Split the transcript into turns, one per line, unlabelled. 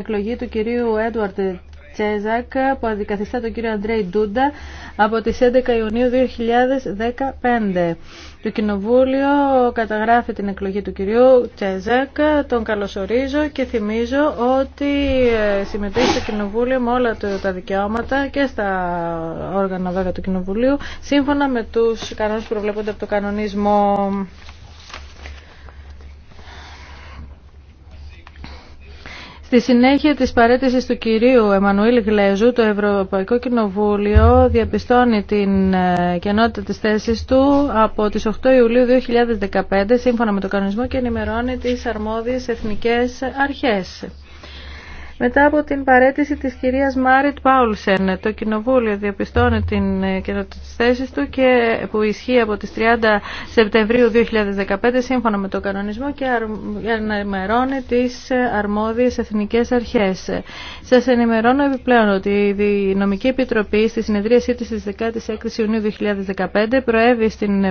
εκλογή του κυρίου Έντουαρτ Τσέζακ που αντικαθιστά τον κύριο Αντρέι Ντούντα από τις 11 Ιουνίου 2015. Το Κοινοβούλιο καταγράφει την εκλογή του κυρίου Τσέζακ, τον καλωσορίζω και θυμίζω ότι ε, συμμετέχει στο Κοινοβούλιο με όλα τα δικαιώματα και στα όργανα βέβαια του Κοινοβουλίου σύμφωνα με τους κανόνες που προβλέπονται από το κανονισμό Στη συνέχεια της παρέτησης του κυρίου Εμμανουήλ Γλέζου, το Ευρωπαϊκό Κοινοβούλιο διαπιστώνει την ε, κενότητα της θέσης του από τις 8 Ιουλίου 2015 σύμφωνα με το κανονισμό και ενημερώνει τις αρμόδιες εθνικές αρχές. Μετά από την παρέτηση της κυρίας Μάριτ Πάουλσεν, το Κοινοβούλιο διαπιστώνει την ε, θέση του και που ισχύει από τις 30 Σεπτεμβρίου 2015 σύμφωνα με το κανονισμό και ενημερώνει τις ε, αρμόδιες εθνικές αρχές. Σας ενημερώνω επιπλέον ότι η Νομική Επιτροπή στη συνεδρίασή της στις
16 Ιουνίου 2015 προέβη στην